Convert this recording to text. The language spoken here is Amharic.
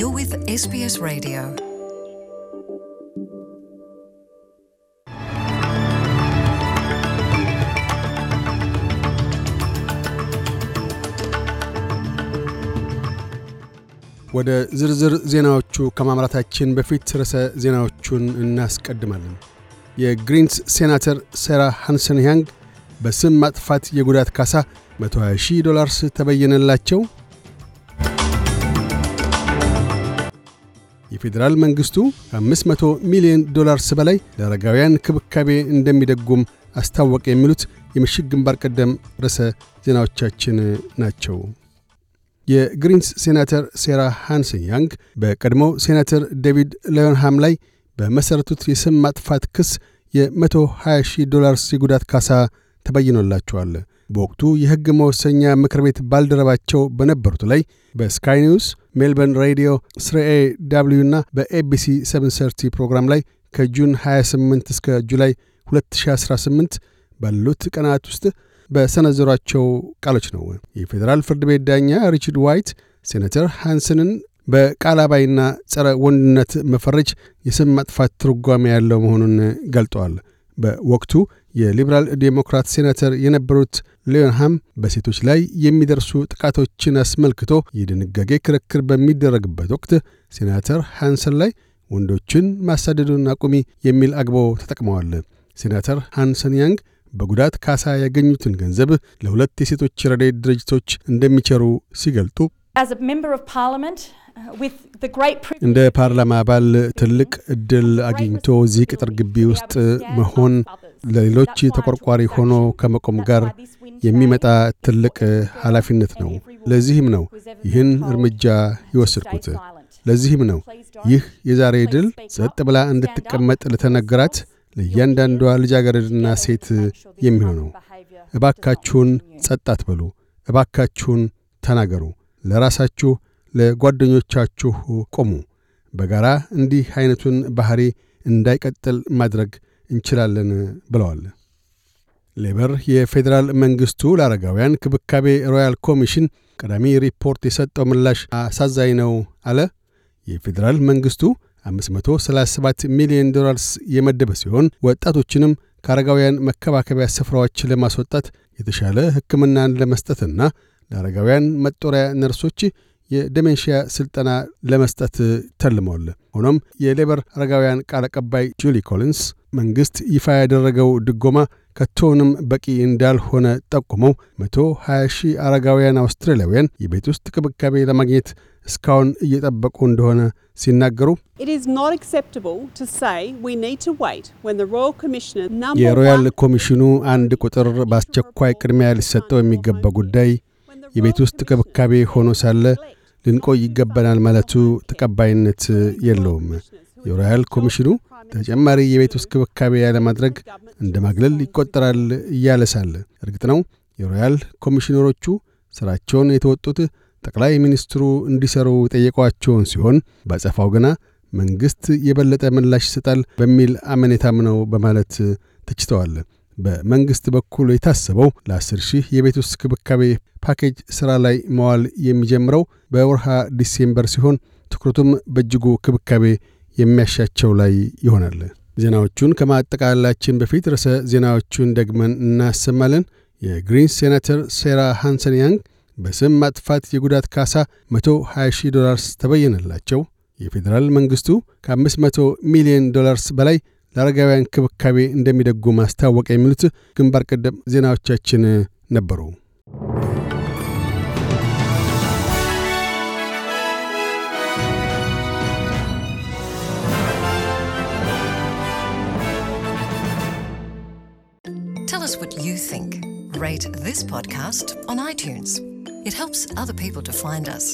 You're with SBS Radio. ወደ ዝርዝር ዜናዎቹ ከማምራታችን በፊት ርዕሰ ዜናዎቹን እናስቀድማለን። የግሪንስ ሴናተር ሴራ ሃንሰን ያንግ በስም ማጥፋት የጉዳት ካሳ 120 ዶላርስ ተበየነላቸው። የፌዴራል መንግሥቱ ከ500 ሚሊዮን ዶላርስ በላይ ለአረጋውያን ክብካቤ እንደሚደጉም አስታወቀ። የሚሉት የምሽግ ግንባር ቀደም ርዕሰ ዜናዎቻችን ናቸው። የግሪንስ ሴናተር ሴራ ሃንሰን ያንግ በቀድሞ ሴናተር ዴቪድ ሌዮንሃም ላይ በመሠረቱት የስም ማጥፋት ክስ የ120 ዶላርስ የጉዳት ካሳ ተበይኖላቸዋል። በወቅቱ የሕግ መወሰኛ ምክር ቤት ባልደረባቸው በነበሩት ላይ በስካይ ኒውስ፣ ሜልበርን ሬዲዮ፣ ስርኤ ዳብልዩ እና በኤቢሲ 730 ፕሮግራም ላይ ከጁን 28 እስከ ጁላይ 2018 ባሉት ቀናት ውስጥ በሰነዘሯቸው ቃሎች ነው። የፌዴራል ፍርድ ቤት ዳኛ ሪቻርድ ዋይት ሴናተር ሃንስንን በቃላባይና ጸረ ወንድነት መፈረጅ የስም ማጥፋት ትርጓሜ ያለው መሆኑን ገልጠዋል። በወቅቱ የሊበራል ዴሞክራት ሴናተር የነበሩት ሌዮንሃም በሴቶች ላይ የሚደርሱ ጥቃቶችን አስመልክቶ የድንጋጌ ክርክር በሚደረግበት ወቅት ሴናተር ሃንሰን ላይ ወንዶችን ማሳደዱን አቁሚ የሚል አግቦ ተጠቅመዋል። ሴናተር ሃንሰን ያንግ በጉዳት ካሳ ያገኙትን ገንዘብ ለሁለት የሴቶች ረድኤት ድርጅቶች እንደሚቸሩ ሲገልጡ Uh, እንደ ፓርላማ አባል ትልቅ እድል አግኝቶ እዚህ ቅጥር ግቢ ውስጥ uh, መሆን ለሌሎች ተቆርቋሪ ሆኖ ከመቆም ጋር የሚመጣ ትልቅ uh, ኃላፊነት ነው። ለዚህም ነው ይህን እርምጃ የወሰድኩት። ለዚህም ነው ይህ የዛሬ ድል ጸጥ ብላ እንድትቀመጥ ለተነገራት ለእያንዳንዷ ልጃገረድና ሴት የሚሆነው። እባካችሁን ጸጥ አትበሉ። እባካችሁን ተናገሩ። ለራሳችሁ ለጓደኞቻችሁ ቆሙ። በጋራ እንዲህ አይነቱን ባህሪ እንዳይቀጥል ማድረግ እንችላለን ብለዋል። ሌበር የፌዴራል መንግስቱ ለአረጋውያን ክብካቤ ሮያል ኮሚሽን ቀዳሚ ሪፖርት የሰጠው ምላሽ አሳዛኝ ነው አለ። የፌዴራል መንግስቱ 537 ሚሊዮን ዶላርስ የመደበ ሲሆን ወጣቶችንም ከአረጋውያን መከባከቢያ ስፍራዎች ለማስወጣት የተሻለ ሕክምናን ለመስጠትና ለአረጋውያን መጦሪያ ነርሶች የደሜንሽያ ስልጠና ለመስጠት ተልመዋል። ሆኖም የሌበር አረጋውያን ቃል አቀባይ ጁሊ ኮሊንስ መንግሥት ይፋ ያደረገው ድጎማ ከቶውንም በቂ እንዳልሆነ ጠቁመው 120 ሺህ አረጋውያን አውስትራሊያውያን የቤት ውስጥ ክብካቤ ለማግኘት እስካሁን እየጠበቁ እንደሆነ ሲናገሩ የሮያል ኮሚሽኑ አንድ ቁጥር በአስቸኳይ ቅድሚያ ሊሰጠው የሚገባ ጉዳይ የቤት ውስጥ ክብካቤ ሆኖ ሳለ ልንቆይ ይገባናል ማለቱ ተቀባይነት የለውም። የሮያል ኮሚሽኑ ተጨማሪ የቤት ውስጥ ክብካቤ ያለማድረግ እንደ ማግለል ይቆጠራል እያለሳል። እርግጥ ነው የሮያል ኮሚሽነሮቹ ስራቸውን የተወጡት ጠቅላይ ሚኒስትሩ እንዲሰሩ ጠየቋቸውን ሲሆን በጸፋው ግና መንግሥት የበለጠ ምላሽ ይሰጣል በሚል አመኔታም ነው በማለት ተችተዋል። በመንግሥት በኩል የታሰበው ለ10 ሺህ የቤት ውስጥ ክብካቤ ፓኬጅ ሥራ ላይ መዋል የሚጀምረው በወርሃ ዲሴምበር ሲሆን ትኩረቱም በእጅጉ ክብካቤ የሚያሻቸው ላይ ይሆናል። ዜናዎቹን ከማጠቃላላችን በፊት ርዕሰ ዜናዎቹን ደግመን እናሰማለን። የግሪን ሴናተር ሴራ ሃንሰን ያንግ በስም ማጥፋት የጉዳት ካሳ 120 ሺህ ዶላርስ ተበየነላቸው። የፌዴራል መንግሥቱ ከ500 ሚሊዮን ዶላርስ በላይ ለአረጋውያን እንደሚደጉ ማስታወቅ የሚሉት ግንባር ቀደም ዜናዎቻችን ነበሩ። Tell us what you think. Rate this podcast on iTunes. It helps other people to find us.